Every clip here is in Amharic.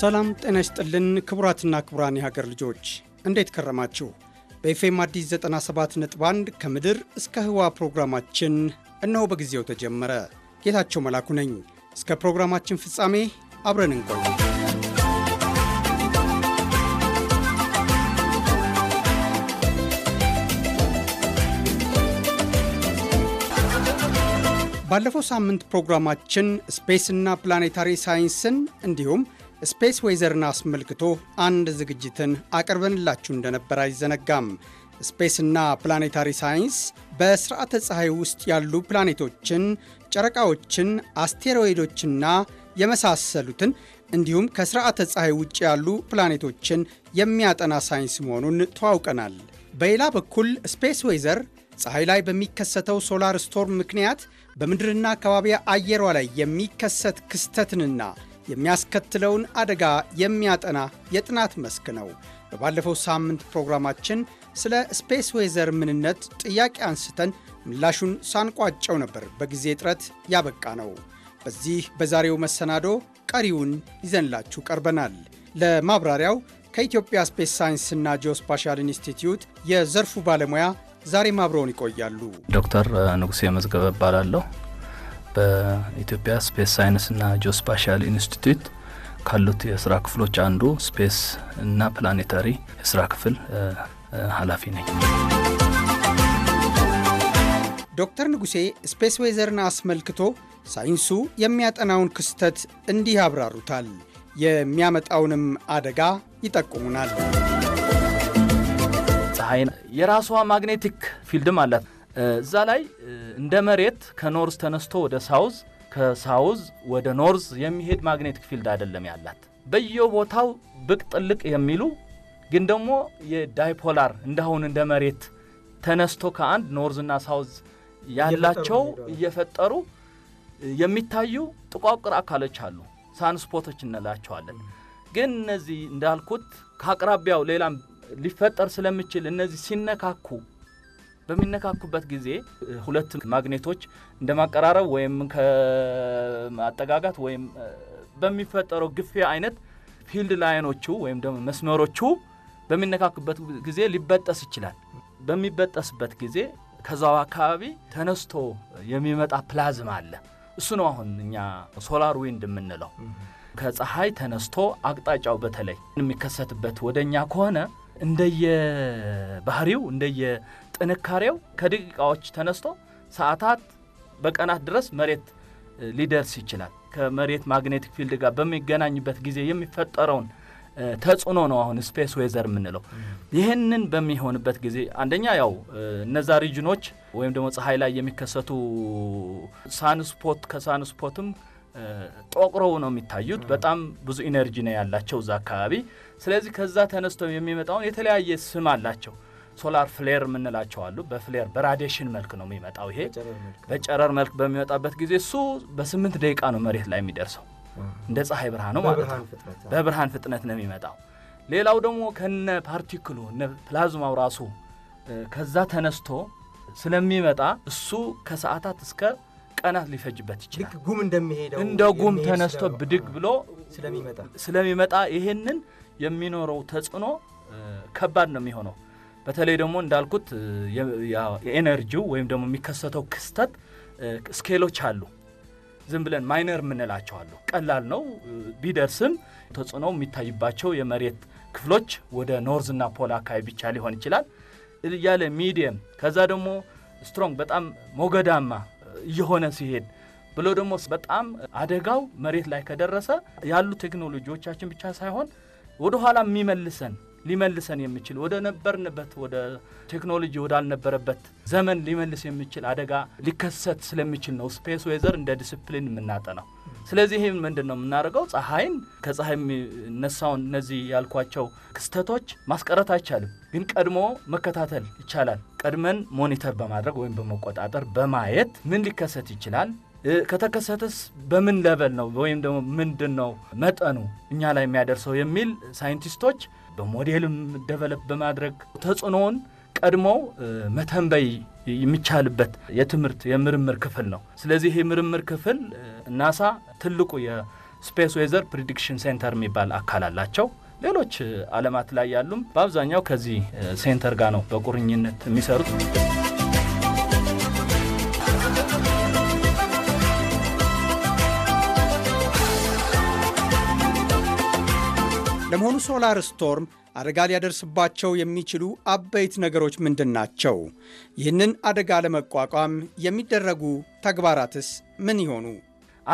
ሰላም ጤና ይስጥልን ክቡራትና ክቡራን የሀገር ልጆች እንዴት ከረማችሁ? በኤፍኤም አዲስ 97 ነጥብ 1 ከምድር እስከ ህዋ ፕሮግራማችን እነሆ በጊዜው ተጀመረ። ጌታቸው መላኩ ነኝ። እስከ ፕሮግራማችን ፍጻሜ አብረን እንቆዩ ባለፈው ሳምንት ፕሮግራማችን ስፔስና ፕላኔታሪ ሳይንስን እንዲሁም ስፔስ ዌዘርን አስመልክቶ አንድ ዝግጅትን አቅርበንላችሁ እንደነበር አይዘነጋም። ስፔስና ፕላኔታሪ ሳይንስ በስርዓተ ፀሐይ ውስጥ ያሉ ፕላኔቶችን፣ ጨረቃዎችን፣ አስቴሮይዶችና የመሳሰሉትን እንዲሁም ከስርዓተ ፀሐይ ውጭ ያሉ ፕላኔቶችን የሚያጠና ሳይንስ መሆኑን ተዋውቀናል። በሌላ በኩል ስፔስ ዌዘር ፀሐይ ላይ በሚከሰተው ሶላር ስቶርም ምክንያት በምድርና አካባቢ አየሯ ላይ የሚከሰት ክስተትንና የሚያስከትለውን አደጋ የሚያጠና የጥናት መስክ ነው። በባለፈው ሳምንት ፕሮግራማችን ስለ ስፔስ ዌዘር ምንነት ጥያቄ አንስተን ምላሹን ሳንቋጨው ነበር በጊዜ እጥረት ያበቃ ነው። በዚህ በዛሬው መሰናዶ ቀሪውን ይዘንላችሁ ቀርበናል። ለማብራሪያው ከኢትዮጵያ ስፔስ ሳይንስና ጂኦስፓሻል ኢንስቲትዩት የዘርፉ ባለሙያ ዛሬ ማብረውን ይቆያሉ። ዶክተር ንጉሴ መዝገበ እባላለሁ። በኢትዮጵያ ስፔስ ሳይንስና ጂኦስፓሻል ኢንስቲትዩት ካሉት የስራ ክፍሎች አንዱ ስፔስ እና ፕላኔታሪ የስራ ክፍል ኃላፊ ነኝ። ዶክተር ንጉሴ ስፔስ ዌዘርን አስመልክቶ ሳይንሱ የሚያጠናውን ክስተት እንዲህ ያብራሩታል፣ የሚያመጣውንም አደጋ ይጠቁሙናል። ፀሐይ የራሷ ማግኔቲክ ፊልድም አላት እዛ ላይ እንደ መሬት ከኖርዝ ተነስቶ ወደ ሳውዝ ከሳውዝ ወደ ኖርዝ የሚሄድ ማግኔቲክ ፊልድ አይደለም ያላት። በየቦታው ብቅ ጥልቅ የሚሉ ግን ደግሞ የዳይፖላር እንደአሁን እንደ መሬት ተነስቶ ከአንድ ኖርዝና ሳውዝ ያላቸው እየፈጠሩ የሚታዩ ጥቋቁር አካሎች አሉ። ሳንስፖቶች እንላቸዋለን። ግን እነዚህ እንዳልኩት ከአቅራቢያው ሌላም ሊፈጠር ስለሚችል እነዚህ ሲነካኩ በሚነካኩበት ጊዜ ሁለት ማግኔቶች እንደማቀራረብ ወይም ከማጠጋጋት ወይም በሚፈጠረው ግፊ አይነት ፊልድ ላይኖቹ ወይም ደግሞ መስመሮቹ በሚነካኩበት ጊዜ ሊበጠስ ይችላል። በሚበጠስበት ጊዜ ከዛው አካባቢ ተነስቶ የሚመጣ ፕላዝማ አለ። እሱ ነው አሁን እኛ ሶላር ዊንድ የምንለው። ከፀሐይ ተነስቶ አቅጣጫው በተለይ የሚከሰትበት ወደ እኛ ከሆነ እንደየ ባህሪው እንደየ ጥንካሬው ከደቂቃዎች ተነስቶ ሰዓታት፣ በቀናት ድረስ መሬት ሊደርስ ይችላል። ከመሬት ማግኔቲክ ፊልድ ጋር በሚገናኝበት ጊዜ የሚፈጠረውን ተጽዕኖ ነው አሁን ስፔስ ዌዘር የምንለው። ይህንን በሚሆንበት ጊዜ አንደኛ ያው እነዛ ሪጅኖች ወይም ደግሞ ፀሐይ ላይ የሚከሰቱ ሳንስፖት ከሳንስፖትም ጦቅረው ነው የሚታዩት። በጣም ብዙ ኢነርጂ ነው ያላቸው እዛ አካባቢ። ስለዚህ ከዛ ተነስቶ የሚመጣውን የተለያየ ስም አላቸው። ሶላር ፍሌር የምንላቸው አሉ። በፍሌር በራዲሽን መልክ ነው የሚመጣው። ይሄ በጨረር መልክ በሚመጣበት ጊዜ እሱ በስምንት ደቂቃ ነው መሬት ላይ የሚደርሰው። እንደ ፀሐይ ብርሃን ነው ማለት ነው። በብርሃን ፍጥነት ነው የሚመጣው። ሌላው ደግሞ ከነ ፓርቲክሉ እነ ፕላዝማው ራሱ ከዛ ተነስቶ ስለሚመጣ እሱ ከሰዓታት እስከ ቀናት ሊፈጅበት ይችላል። ጉም እንደሚሄደው እንደ ጉም ተነስቶ ብድግ ብሎ ስለሚመጣ ይሄንን የሚኖረው ተጽዕኖ ከባድ ነው የሚሆነው። በተለይ ደግሞ እንዳልኩት የኤነርጂው ወይም ደግሞ የሚከሰተው ክስተት ስኬሎች አሉ። ዝም ብለን ማይነር የምንላቸው አሉ። ቀላል ነው ቢደርስም ተጽዕኖ የሚታይባቸው የመሬት ክፍሎች ወደ ኖርዝ እና ፖል አካባቢ ብቻ ሊሆን ይችላል እያለ ሚዲየም፣ ከዛ ደግሞ ስትሮንግ በጣም ሞገዳማ እየሆነ ሲሄድ ብሎ ደግሞ በጣም አደጋው መሬት ላይ ከደረሰ ያሉ ቴክኖሎጂዎቻችን ብቻ ሳይሆን ወደኋላ የሚመልሰን ሊመልሰን የሚችል ወደ ነበርንበት ወደ ቴክኖሎጂ ወዳልነበረበት ዘመን ሊመልስ የሚችል አደጋ ሊከሰት ስለሚችል ነው ስፔስ ዌዘር እንደ ዲስፕሊን የምናጠናው። ስለዚህ ይህም ምንድን ነው የምናደርገው? ፀሐይን ከፀሐይ የሚነሳውን እነዚህ ያልኳቸው ክስተቶች ማስቀረት አይቻልም፣ ግን ቀድሞ መከታተል ይቻላል። ቀድመን ሞኒተር በማድረግ ወይም በመቆጣጠር በማየት ምን ሊከሰት ይችላል ከተከሰተስ በምን ለበል ነው ወይም ደግሞ ምንድን ነው መጠኑ እኛ ላይ የሚያደርሰው የሚል ሳይንቲስቶች በሞዴልም ደቨለፕ በማድረግ ተጽዕኖውን ቀድሞ መተንበይ የሚቻልበት የትምህርት የምርምር ክፍል ነው። ስለዚህ ይህ ምርምር ክፍል ናሳ ትልቁ የስፔስ ዌዘር ፕሪዲክሽን ሴንተር የሚባል አካል አላቸው። ሌሎች ዓለማት ላይ ያሉም በአብዛኛው ከዚህ ሴንተር ጋር ነው በቁርኝነት የሚሰሩት። ለመሆኑ ሶላር ስቶርም አደጋ ሊያደርስባቸው የሚችሉ አበይት ነገሮች ምንድን ናቸው? ይህንን አደጋ ለመቋቋም የሚደረጉ ተግባራትስ ምን ይሆኑ?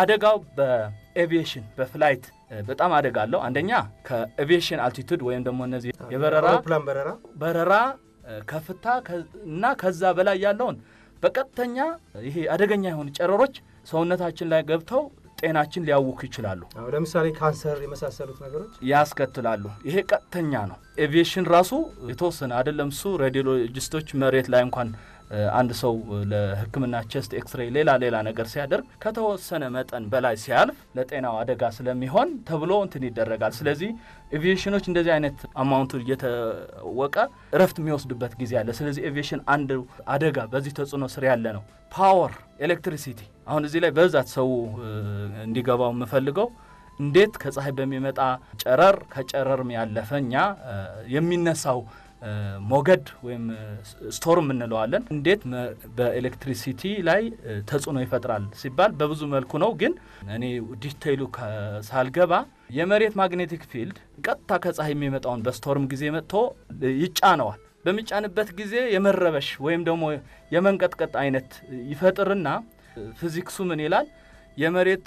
አደጋው በኤቪዬሽን በፍላይት በጣም አደጋ አለው። አንደኛ ከኤቪዬሽን አልቲቱድ ወይም ደግሞ እነዚህ የበረራ በረራ ከፍታ እና ከዛ በላይ ያለውን በቀጥተኛ ይሄ አደገኛ የሆኑ ጨረሮች ሰውነታችን ላይ ገብተው ጤናችን ሊያውኩ ይችላሉ። ለምሳሌ ካንሰር የመሳሰሉት ነገሮች ያስከትላሉ። ይሄ ቀጥተኛ ነው። ኤቪዬሽን ራሱ የተወሰነ አይደለም። እሱ ሬዲዮሎጂስቶች መሬት ላይ እንኳን አንድ ሰው ለሕክምና ቸስት ኤክስሬይ፣ ሌላ ሌላ ነገር ሲያደርግ ከተወሰነ መጠን በላይ ሲያልፍ ለጤናው አደጋ ስለሚሆን ተብሎ እንትን ይደረጋል። ስለዚህ ኤቪዬሽኖች እንደዚህ አይነት አማውንቱ እየታወቀ እረፍት የሚወስዱበት ጊዜ አለ። ስለዚህ ኤቪዬሽን አንድ አደጋ በዚህ ተጽዕኖ ስር ያለ ነው። ፓወር፣ ኤሌክትሪሲቲ አሁን እዚህ ላይ በብዛት ሰው እንዲገባው የምፈልገው እንዴት ከፀሐይ በሚመጣ ጨረር ከጨረርም ያለፈ እኛ የሚነሳው ሞገድ ወይም ስቶርም እንለዋለን። እንዴት በኤሌክትሪሲቲ ላይ ተጽዕኖ ይፈጥራል ሲባል በብዙ መልኩ ነው። ግን እኔ ዲቴይሉ ሳልገባ የመሬት ማግኔቲክ ፊልድ ቀጥታ ከፀሐይ የሚመጣውን በስቶርም ጊዜ መጥቶ ይጫነዋል። በሚጫንበት ጊዜ የመረበሽ ወይም ደግሞ የመንቀጥቀጥ አይነት ይፈጥርና ፊዚክሱ ምን ይላል የመሬት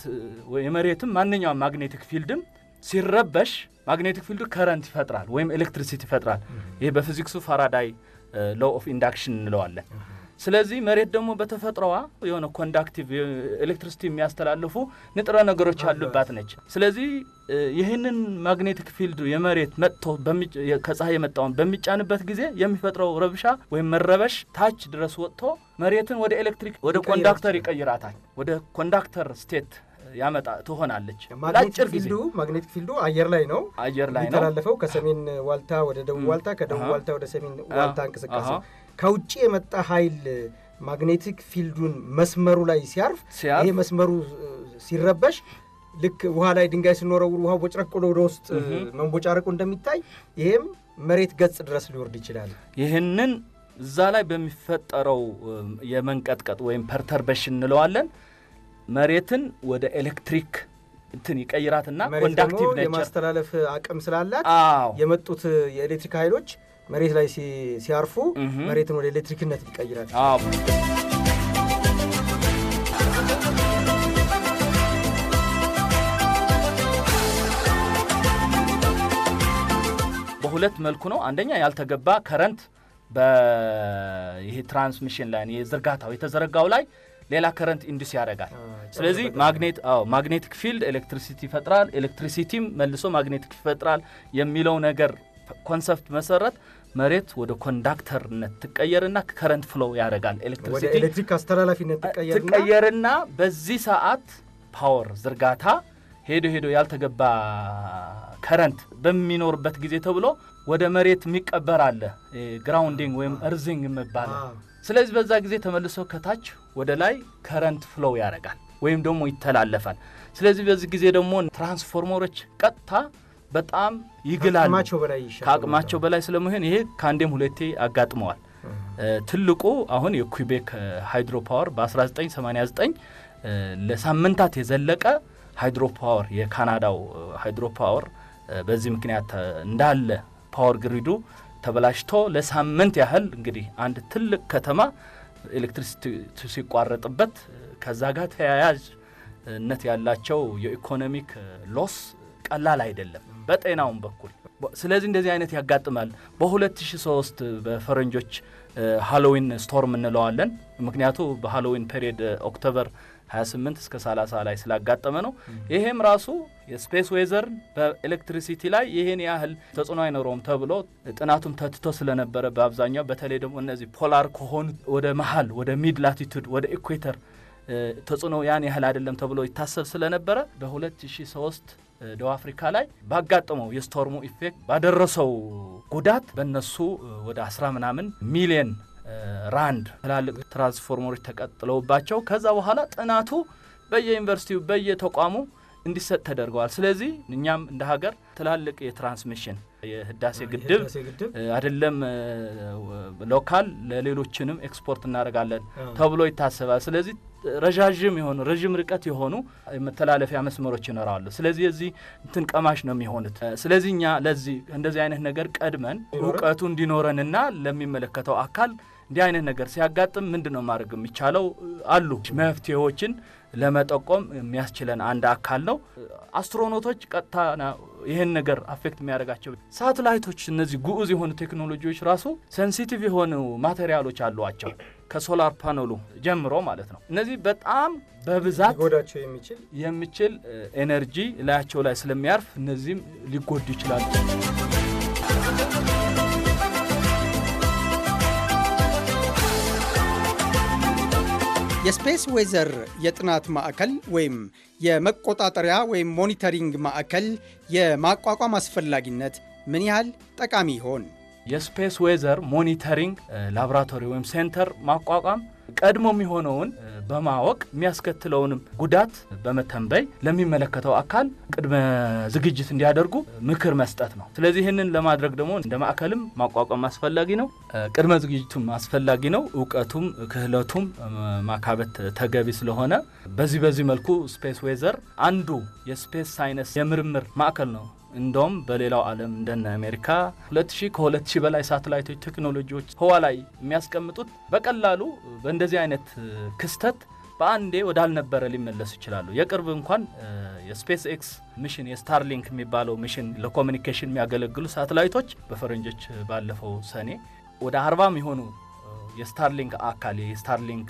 የመሬትም ማንኛውም ማግኔቲክ ፊልድም ሲረበሽ ማግኔቲክ ፊልዱ ከረንት ይፈጥራል ወይም ኤሌክትሪሲቲ ይፈጥራል። ይህ በፊዚክሱ ፋራዳይ ሎ ኦፍ ኢንዳክሽን እንለዋለን። ስለዚህ መሬት ደግሞ በተፈጥሮዋ የሆነ ኮንዳክቲቭ ኤሌክትሪሲቲ የሚያስተላልፉ ንጥረ ነገሮች ያሉባት ነች። ስለዚህ ይህንን ማግኔቲክ ፊልድ የመሬት መጥቶ ከፀሐይ የመጣውን በሚጫንበት ጊዜ የሚፈጥረው ረብሻ ወይም መረበሽ ታች ድረስ ወጥቶ መሬትን ወደ ኤሌክትሪክ ወደ ኮንዳክተር ይቀይራታል። ወደ ኮንዳክተር ስቴት ያመጣ ትሆናለች። ለአጭር ጊዜ ማግኔቲክ ፊልዱ አየር ላይ ነው አየር ላይ ነው የሚተላለፈው ከሰሜን ዋልታ ወደ ደቡብ ዋልታ፣ ከደቡብ ዋልታ ወደ ሰሜን ዋልታ እንቅስቃሴ ከውጭ የመጣ ኃይል ማግኔቲክ ፊልዱን መስመሩ ላይ ሲያርፍ ይሄ መስመሩ ሲረበሽ ልክ ውሃ ላይ ድንጋይ ስንወረውር ውሃ ቦጭረቅ ወደ ውስጥ መንቦጫረቁ እንደሚታይ ይሄም መሬት ገጽ ድረስ ሊወርድ ይችላል። ይህንን እዛ ላይ በሚፈጠረው የመንቀጥቀጥ ወይም ፐርተርበሽ እንለዋለን። መሬትን ወደ ኤሌክትሪክ እንትን ይቀይራትና ኮንዳክቲቭ ነች። የማስተላለፍ አቅም ስላላት የመጡት የኤሌክትሪክ ኃይሎች መሬት ላይ ሲያርፉ መሬትን ወደ ኤሌክትሪክነት ይቀይራል። በሁለት መልኩ ነው። አንደኛ ያልተገባ ከረንት ይሄ ትራንስሚሽን ላይ የዝርጋታው የተዘረጋው ላይ ሌላ ከረንት ኢንዱስ ያደርጋል። ስለዚህ ማግኔት አዎ ማግኔቲክ ፊልድ ኤሌክትሪሲቲ ይፈጥራል፣ ኤሌክትሪሲቲም መልሶ ማግኔቲክ ይፈጥራል የሚለው ነገር ኮንሰፕት መሰረት መሬት ወደ ኮንዳክተርነት ትቀየርና ከረንት ፍሎው ያደርጋል። ኤሌክትሪሲቲ ኤሌክትሪክ አስተላላፊነት ትቀየርና በዚህ ሰዓት ፓወር ዝርጋታ ሄዶ ሄዶ ያልተገባ ከረንት በሚኖርበት ጊዜ ተብሎ ወደ መሬት የሚቀበር አለ ግራውንዲንግ ወይም እርዚንግ የሚባለው ስለዚህ በዛ ጊዜ ተመልሶ ከታች ወደ ላይ ከረንት ፍሎው ያደርጋል ወይም ደግሞ ይተላለፋል። ስለዚህ በዚህ ጊዜ ደግሞ ትራንስፎርመሮች ቀጥታ በጣም ይግላሉ ከአቅማቸው በላይ ስለመሆን ይሄ ከአንዴም ሁለቴ አጋጥመዋል። ትልቁ አሁን የኩቤክ ሃይድሮ ፓወር በ1989 ለሳምንታት የዘለቀ ሃይድሮ ፓወር የካናዳው ሃይድሮ ፓወር በዚህ ምክንያት እንዳለ ፓወር ግሪዱ ተበላሽቶ ለሳምንት ያህል እንግዲህ አንድ ትልቅ ከተማ ኤሌክትሪሲቲ ሲቋረጥበት ከዛ ጋር ተያያዥነት ያላቸው የኢኮኖሚክ ሎስ ቀላል አይደለም፣ በጤናውም በኩል ስለዚህ እንደዚህ አይነት ያጋጥማል። በ2003 በፈረንጆች ሃሎዊን ስቶርም እንለዋለን። ምክንያቱ በሃሎዊን ፔሪየድ ኦክቶበር 28 እስከ 30 ላይ ስላጋጠመ ነው። ይሄም ራሱ የስፔስ ዌዘር በኤሌክትሪሲቲ ላይ ይህን ያህል ተጽዕኖ አይኖረውም ተብሎ ጥናቱም ተትቶ ስለነበረ በአብዛኛው በተለይ ደግሞ እነዚህ ፖላር ከሆኑ ወደ መሀል ወደ ሚድ ላቲቱድ ወደ ኢኩዌተር ተጽዕኖ ያን ያህል አይደለም ተብሎ ይታሰብ ስለነበረ በ2003 ደቡብ አፍሪካ ላይ ባጋጠመው የስቶርሙ ኢፌክት ባደረሰው ጉዳት በእነሱ ወደ አስራ ምናምን ሚሊየን ራንድ ትላልቅ ትራንስፎርመሮች ተቀጥለውባቸው ከዛ በኋላ ጥናቱ በየዩኒቨርሲቲው በየተቋሙ እንዲሰጥ ተደርገዋል። ስለዚህ እኛም እንደ ሀገር ትላልቅ የትራንስሚሽን የህዳሴ ግድብ አይደለም ሎካል ለሌሎችንም ኤክስፖርት እናደርጋለን ተብሎ ይታሰባል። ስለዚህ ረዣዥም የሆኑ ረዥም ርቀት የሆኑ መተላለፊያ መስመሮች ይኖራሉ። ስለዚህ የዚህ እንትን ቀማሽ ነው የሚሆኑት። ስለዚህ እኛ ለዚህ እንደዚህ አይነት ነገር ቀድመን እውቀቱ እንዲኖረንና ለሚመለከተው አካል እንዲህ አይነት ነገር ሲያጋጥም ምንድን ነው ማድረግ የሚቻለው? አሉ መፍትሄዎችን ለመጠቆም የሚያስችለን አንድ አካል ነው። አስትሮኖቶች ቀጥታ ይህን ነገር አፌክት የሚያደርጋቸው ሳትላይቶች፣ እነዚህ ግዑዝ የሆኑ ቴክኖሎጂዎች ራሱ ሴንሲቲቭ የሆኑ ማቴሪያሎች አሏቸው ከሶላር ፓነሉ ጀምሮ ማለት ነው። እነዚህ በጣም በብዛት ሊጎዳቸው የሚችል ኤነርጂ ላያቸው ላይ ስለሚያርፍ እነዚህም ሊጎዱ ይችላሉ። የስፔስ ዌዘር የጥናት ማዕከል ወይም የመቆጣጠሪያ ወይም ሞኒተሪንግ ማዕከል የማቋቋም አስፈላጊነት ምን ያህል ጠቃሚ ይሆን? የስፔስ ዌዘር ሞኒተሪንግ ላቦራቶሪ ወይም ሴንተር ማቋቋም ቀድሞ የሚሆነውን በማወቅ የሚያስከትለውንም ጉዳት በመተንበይ ለሚመለከተው አካል ቅድመ ዝግጅት እንዲያደርጉ ምክር መስጠት ነው። ስለዚህ ይህንን ለማድረግ ደግሞ እንደ ማዕከልም ማቋቋም አስፈላጊ ነው። ቅድመ ዝግጅቱም አስፈላጊ ነው። እውቀቱም ክህለቱም ማካበት ተገቢ ስለሆነ በዚህ በዚህ መልኩ ስፔስ ዌዘር አንዱ የስፔስ ሳይንስ የምርምር ማዕከል ነው። እንደውም በሌላው ዓለም እንደነ አሜሪካ 2000 ከ2000 በላይ ሳተላይቶች ቴክኖሎጂዎች ህዋ ላይ የሚያስቀምጡት በቀላሉ በእንደዚህ አይነት ክስተት በአንዴ ወዳልነበረ ሊመለሱ ይችላሉ። የቅርብ እንኳን የስፔስ ኤክስ ሚሽን የስታርሊንክ የሚባለው ሚሽን ለኮሚኒኬሽን የሚያገለግሉ ሳተላይቶች በፈረንጆች ባለፈው ሰኔ ወደ አርባ የሚሆኑ የስታርሊንክ አካል የስታርሊንክ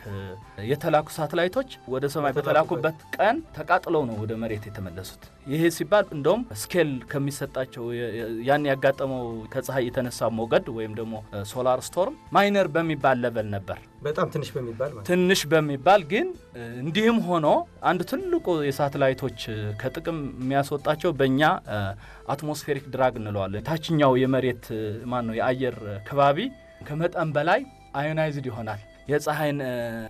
የተላኩ ሳተላይቶች ወደ ሰማይ በተላኩበት ቀን ተቃጥለው ነው ወደ መሬት የተመለሱት። ይሄ ሲባል እንደውም ስኬል ከሚሰጣቸው ያን ያጋጠመው ከፀሐይ የተነሳ ሞገድ ወይም ደግሞ ሶላር ስቶርም ማይነር በሚባል ለበል ነበር፣ በጣም ትንሽ በሚባል ትንሽ በሚባል ግን እንዲህም ሆኖ አንድ ትልቁ የሳተላይቶች ከጥቅም የሚያስወጣቸው በእኛ አትሞስፌሪክ ድራግ እንለዋለን። ታችኛው የመሬት ማን ነው የአየር ከባቢ ከመጠን በላይ አዮናይዝድ ይሆናል። የፀሐይን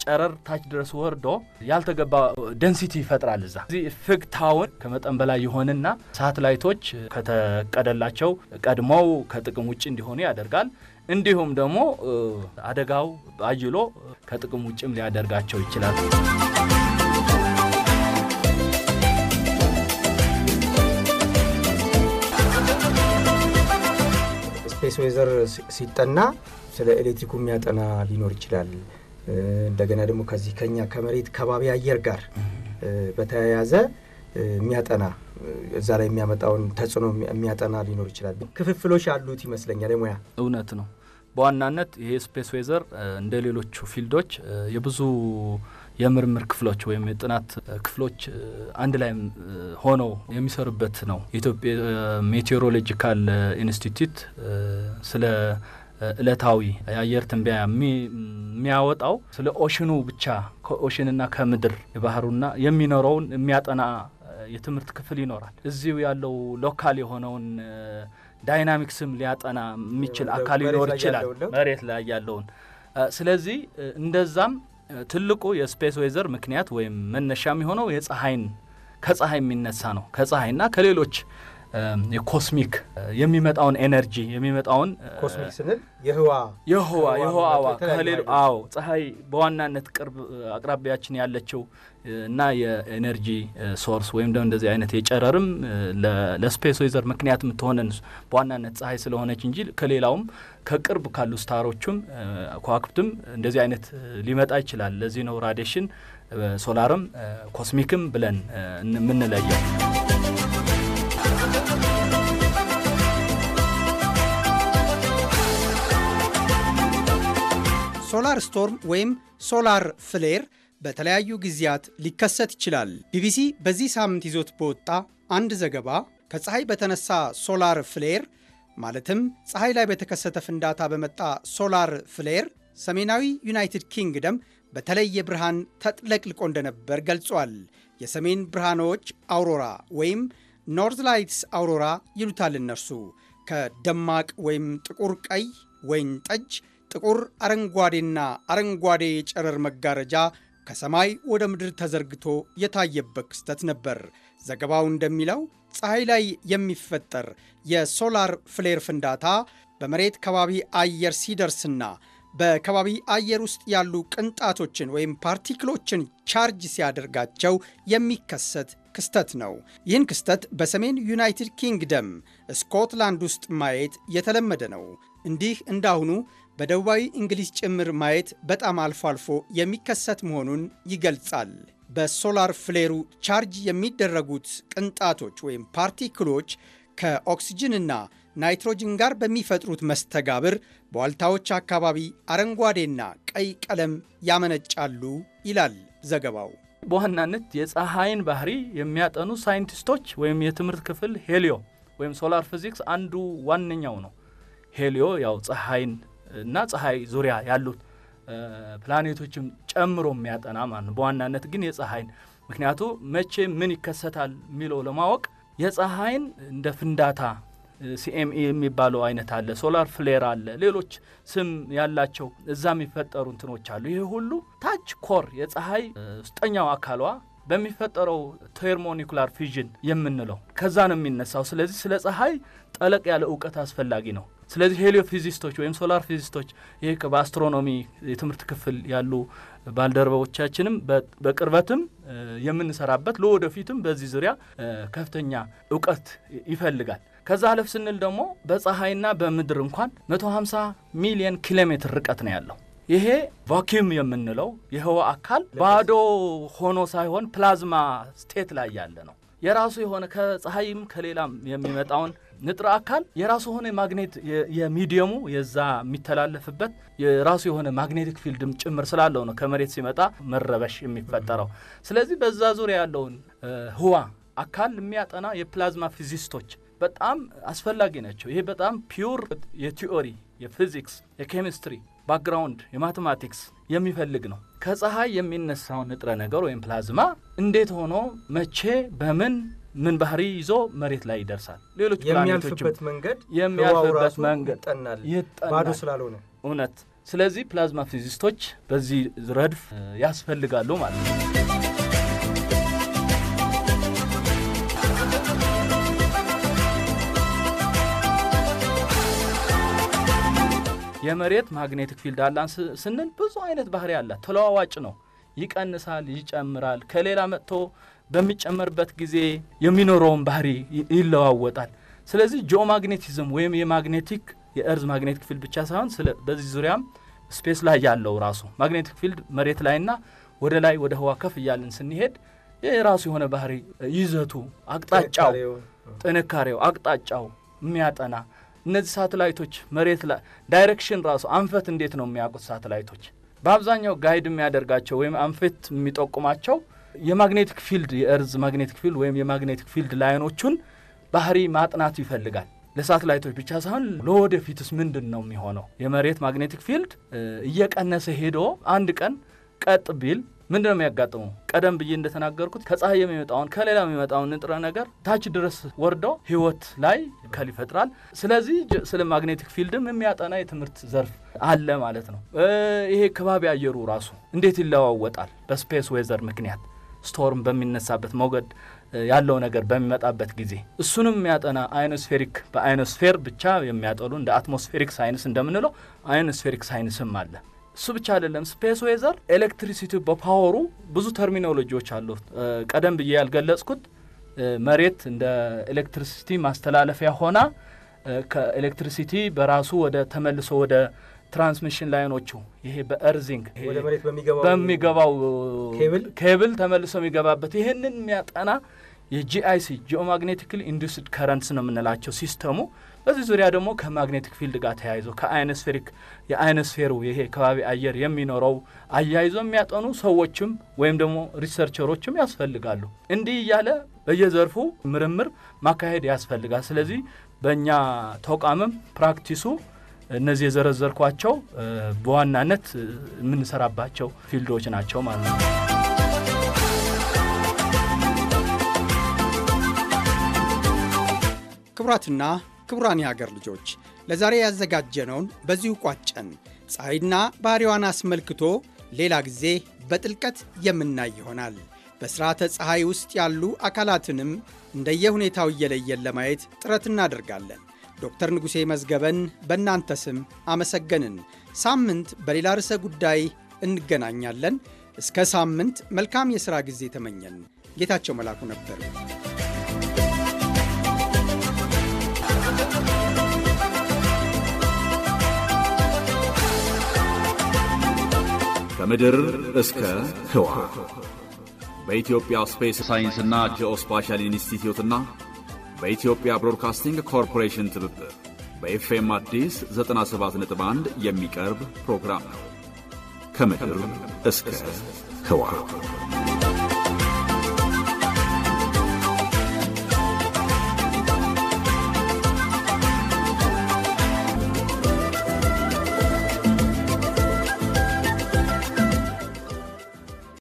ጨረር ታች ድረስ ወርዶ ያልተገባ ደንሲቲ ይፈጥራል። እዛ እዚህ ፍግታውን ከመጠን በላይ የሆነና ሳትላይቶች ከተቀደላቸው ቀድሞው ከጥቅም ውጭ እንዲሆኑ ያደርጋል። እንዲሁም ደግሞ አደጋው አጅሎ ከጥቅም ውጭም ሊያደርጋቸው ይችላል። ስፔስ ዌዘር ሲጠና ስለ ኤሌክትሪኩ የሚያጠና ሊኖር ይችላል። እንደገና ደግሞ ከዚህ ከኛ ከመሬት ከባቢ አየር ጋር በተያያዘ የሚያጠና እዛ ላይ የሚያመጣውን ተጽዕኖ የሚያጠና ሊኖር ይችላል። ክፍፍሎች አሉት ይመስለኛል። የሙያ እውነት ነው። በዋናነት ይሄ ስፔስ ዌዘር እንደ ሌሎቹ ፊልዶች የብዙ የምርምር ክፍሎች ወይም የጥናት ክፍሎች አንድ ላይ ሆነው የሚሰሩበት ነው። የኢትዮጵያ ሜቴሮሎጂካል ኢንስቲትዩት ስለ እለታዊ የአየር ትንበያ የሚያወጣው ስለ ኦሽኑ ብቻ ከኦሽንና ከምድር የባህሩና የሚኖረውን የሚያጠና የትምህርት ክፍል ይኖራል። እዚሁ ያለው ሎካል የሆነውን ዳይናሚክስም ሊያጠና የሚችል አካል ሊኖር ይችላል፣ መሬት ላይ ያለውን። ስለዚህ እንደዛም ትልቁ የስፔስ ዌዘር ምክንያት ወይም መነሻ የሚሆነው የፀሐይን ከፀሐይ የሚነሳ ነው። ከፀሐይና ከሌሎች የኮስሚክ የሚመጣውን ኤነርጂ የሚመጣውን ኮስሚክ ስንል የህዋ የህዋ የህዋዋ ከሌሎ አዎ ፀሐይ በዋናነት ቅርብ አቅራቢያችን ያለችው እና የኤነርጂ ሶርስ ወይም ደግሞ እንደዚህ አይነት የጨረርም ለስፔስ ወይዘር ምክንያት የምትሆነን በዋናነት ፀሐይ ስለሆነች እንጂ ከሌላውም ከቅርብ ካሉ ስታሮቹም ከዋክብትም እንደዚህ አይነት ሊመጣ ይችላል። ለዚህ ነው ራዲሽን ሶላርም ኮስሚክም ብለን የምንለየው። ሶላር ስቶርም ወይም ሶላር ፍሌር በተለያዩ ጊዜያት ሊከሰት ይችላል። ቢቢሲ በዚህ ሳምንት ይዞት በወጣ አንድ ዘገባ ከፀሐይ በተነሳ ሶላር ፍሌር ማለትም ፀሐይ ላይ በተከሰተ ፍንዳታ በመጣ ሶላር ፍሌር ሰሜናዊ ዩናይትድ ኪንግደም በተለየ ብርሃን ተጥለቅልቆ እንደነበር ገልጿል። የሰሜን ብርሃኖች አውሮራ ወይም ኖርዝ ላይትስ አውሮራ ይሉታል እነርሱ ከደማቅ ወይም ጥቁር ቀይ፣ ወይን ጠጅ ጥቁር አረንጓዴና አረንጓዴ የጨረር መጋረጃ ከሰማይ ወደ ምድር ተዘርግቶ የታየበት ክስተት ነበር። ዘገባው እንደሚለው ፀሐይ ላይ የሚፈጠር የሶላር ፍሌር ፍንዳታ በመሬት ከባቢ አየር ሲደርስና በከባቢ አየር ውስጥ ያሉ ቅንጣቶችን ወይም ፓርቲክሎችን ቻርጅ ሲያደርጋቸው የሚከሰት ክስተት ነው። ይህን ክስተት በሰሜን ዩናይትድ ኪንግደም ስኮትላንድ ውስጥ ማየት የተለመደ ነው። እንዲህ እንዳሁኑ በደቡባዊ እንግሊዝ ጭምር ማየት በጣም አልፎ አልፎ የሚከሰት መሆኑን ይገልጻል። በሶላር ፍሌሩ ቻርጅ የሚደረጉት ቅንጣቶች ወይም ፓርቲክሎች ከኦክስጅንና ናይትሮጅን ጋር በሚፈጥሩት መስተጋብር በዋልታዎች አካባቢ አረንጓዴና ቀይ ቀለም ያመነጫሉ ይላል ዘገባው። በዋናነት የፀሐይን ባህሪ የሚያጠኑ ሳይንቲስቶች ወይም የትምህርት ክፍል ሄሊዮ ወይም ሶላር ፊዚክስ አንዱ ዋነኛው ነው። ሄሊዮ ያው ፀሐይን እና ፀሐይ ዙሪያ ያሉት ፕላኔቶችም ጨምሮ የሚያጠና ማለት ነው። በዋናነት ግን የፀሐይን ምክንያቱ መቼ ምን ይከሰታል የሚለው ለማወቅ የፀሐይን እንደ ፍንዳታ ሲኤምኢ የሚባለው አይነት አለ፣ ሶላር ፍሌር አለ፣ ሌሎች ስም ያላቸው እዛ የሚፈጠሩ እንትኖች አሉ። ይሄ ሁሉ ታች ኮር የፀሐይ ውስጠኛው አካሏ በሚፈጠረው ቴርሞኒኩላር ፊዥን የምንለው ከዛ ነው የሚነሳው። ስለዚህ ስለ ፀሐይ ጠለቅ ያለ እውቀት አስፈላጊ ነው። ስለዚህ ሄሊዮ ፊዚስቶች ወይም ሶላር ፊዚስቶች ይህ በአስትሮኖሚ የትምህርት ክፍል ያሉ ባልደረቦቻችንም በቅርበትም የምንሰራበት ለወደፊትም በዚህ ዙሪያ ከፍተኛ እውቀት ይፈልጋል። ከዛ አለፍ ስንል ደግሞ በፀሐይና በምድር እንኳን 150 ሚሊዮን ኪሎ ሜትር ርቀት ነው ያለው። ይሄ ቫኪዩም የምንለው የህዋ አካል ባዶ ሆኖ ሳይሆን ፕላዝማ ስቴት ላይ ያለ ነው። የራሱ የሆነ ከፀሐይም ከሌላም የሚመጣውን ንጥረ አካል የራሱ የሆነ ማግኔት የሚዲየሙ የዛ የሚተላለፍበት የራሱ የሆነ ማግኔቲክ ፊልድም ጭምር ስላለው ነው ከመሬት ሲመጣ መረበሽ የሚፈጠረው። ስለዚህ በዛ ዙሪያ ያለውን ህዋ አካል የሚያጠና የፕላዝማ ፊዚስቶች በጣም አስፈላጊ ናቸው። ይሄ በጣም ፒውር የቲዮሪ የፊዚክስ የኬሚስትሪ ባክግራውንድ የማቴማቲክስ የሚፈልግ ነው። ከፀሐይ የሚነሳው ንጥረ ነገር ወይም ፕላዝማ እንዴት ሆኖ መቼ በምን ምን ባህሪ ይዞ መሬት ላይ ይደርሳል። ሌሎች የሚያልፍበት መንገድ የሚያልፍበት መንገድ ይጠናል ባዶ ስላልሆነ እውነት። ስለዚህ ፕላዝማ ፊዚስቶች በዚህ ረድፍ ያስፈልጋሉ ማለት ነው። የመሬት ማግኔቲክ ፊልድ አላን ስንል ብዙ አይነት ባህሪ አላት። ተለዋዋጭ ነው። ይቀንሳል፣ ይጨምራል ከሌላ መጥቶ በሚጨመርበት ጊዜ የሚኖረውን ባህሪ ይለዋወጣል። ስለዚህ ጂኦ ማግኔቲዝም ወይም የማግኔቲክ የእርዝ ማግኔቲክ ፊልድ ብቻ ሳይሆን በዚህ ዙሪያም ስፔስ ላይ ያለው ራሱ ማግኔቲክ ፊልድ መሬት ላይና ወደ ላይ ወደ ህዋ ከፍ እያልን ስንሄድ የራሱ የሆነ ባህሪ ይዘቱ፣ አቅጣጫው፣ ጥንካሬው፣ አቅጣጫው የሚያጠና እነዚህ ሳተላይቶች መሬት ላይ ዳይሬክሽን ራሱ አንፈት እንዴት ነው የሚያውቁት? ሳተላይቶች በአብዛኛው ጋይድ የሚያደርጋቸው ወይም አንፈት የሚጠቁማቸው የማግኔቲክ ፊልድ የእርዝ ማግኔቲክ ፊልድ ወይም የማግኔቲክ ፊልድ ላይኖቹን ባህሪ ማጥናት ይፈልጋል። ለሳትላይቶች ብቻ ሳይሆን ለወደፊትስ ምንድን ነው የሚሆነው? የመሬት ማግኔቲክ ፊልድ እየቀነሰ ሄዶ አንድ ቀን ቀጥ ቢል ምንድን ነው የሚያጋጥመው? ቀደም ብዬ እንደተናገርኩት ከፀሐይ የሚመጣውን ከሌላ የሚመጣውን ንጥረ ነገር ታች ድረስ ወርዶ ህይወት ላይ ከል ይፈጥራል። ስለዚህ ስለ ማግኔቲክ ፊልድም የሚያጠና የትምህርት ዘርፍ አለ ማለት ነው። ይሄ ከባቢ አየሩ ራሱ እንዴት ይለዋወጣል በስፔስ ዌዘር ምክንያት ስቶርም በሚነሳበት ሞገድ ያለው ነገር በሚመጣበት ጊዜ እሱንም የሚያጠና አይኖስፌሪክ በአይኖስፌር ብቻ የሚያጠሉ እንደ አትሞስፌሪክ ሳይንስ እንደምንለው አይኖስፌሪክ ሳይንስም አለ። እሱ ብቻ አይደለም። ስፔስ ዌዘር ኤሌክትሪሲቲ በፓወሩ ብዙ ተርሚኖሎጂዎች አሉት። ቀደም ብዬ ያልገለጽኩት መሬት እንደ ኤሌክትሪሲቲ ማስተላለፊያ ሆና ከኤሌክትሪሲቲ በራሱ ወደ ተመልሶ ወደ ትራንስሚሽን ላይኖቹ ይሄ በእርዚንግ በሚገባው ኬብል ተመልሶ የሚገባበት ይህንን የሚያጠና የጂአይሲ ጂኦማግኔቲክል ኢንዱስድ ከረንትስ ነው የምንላቸው ሲስተሙ። በዚህ ዙሪያ ደግሞ ከማግኔቲክ ፊልድ ጋር ተያይዞ ከአይነስፌሪክ የአይነስፌሩ ይሄ ከባቢ አየር የሚኖረው አያይዞ የሚያጠኑ ሰዎችም ወይም ደግሞ ሪሰርቸሮችም ያስፈልጋሉ። እንዲህ እያለ በየዘርፉ ምርምር ማካሄድ ያስፈልጋል። ስለዚህ በእኛ ተቋምም ፕራክቲሱ እነዚህ የዘረዘርኳቸው በዋናነት የምንሰራባቸው ፊልዶች ናቸው ማለት ነው። ክቡራትና ክቡራን የሀገር ልጆች ለዛሬ ያዘጋጀነውን በዚሁ ቋጨን። ፀሐይና ባህሪዋን አስመልክቶ ሌላ ጊዜ በጥልቀት የምናይ ይሆናል። በሥርዓተ ፀሐይ ውስጥ ያሉ አካላትንም እንደየሁኔታው እየለየን ለማየት ጥረት እናደርጋለን። ዶክተር ንጉሴ መዝገበን በእናንተ ስም አመሰገንን። ሳምንት በሌላ ርዕሰ ጉዳይ እንገናኛለን። እስከ ሳምንት መልካም የሥራ ጊዜ ተመኘን። ጌታቸው መላኩ ነበር። ከምድር እስከ ህዋ በኢትዮጵያ ስፔስ ሳይንስና ጂኦስፓሻል ኢንስቲትዩትና በኢትዮጵያ ብሮድካስቲንግ ኮርፖሬሽን ትብብር በኤፍኤም አዲስ 97.1 የሚቀርብ ፕሮግራም ነው። ከምድር እስከ ህዋ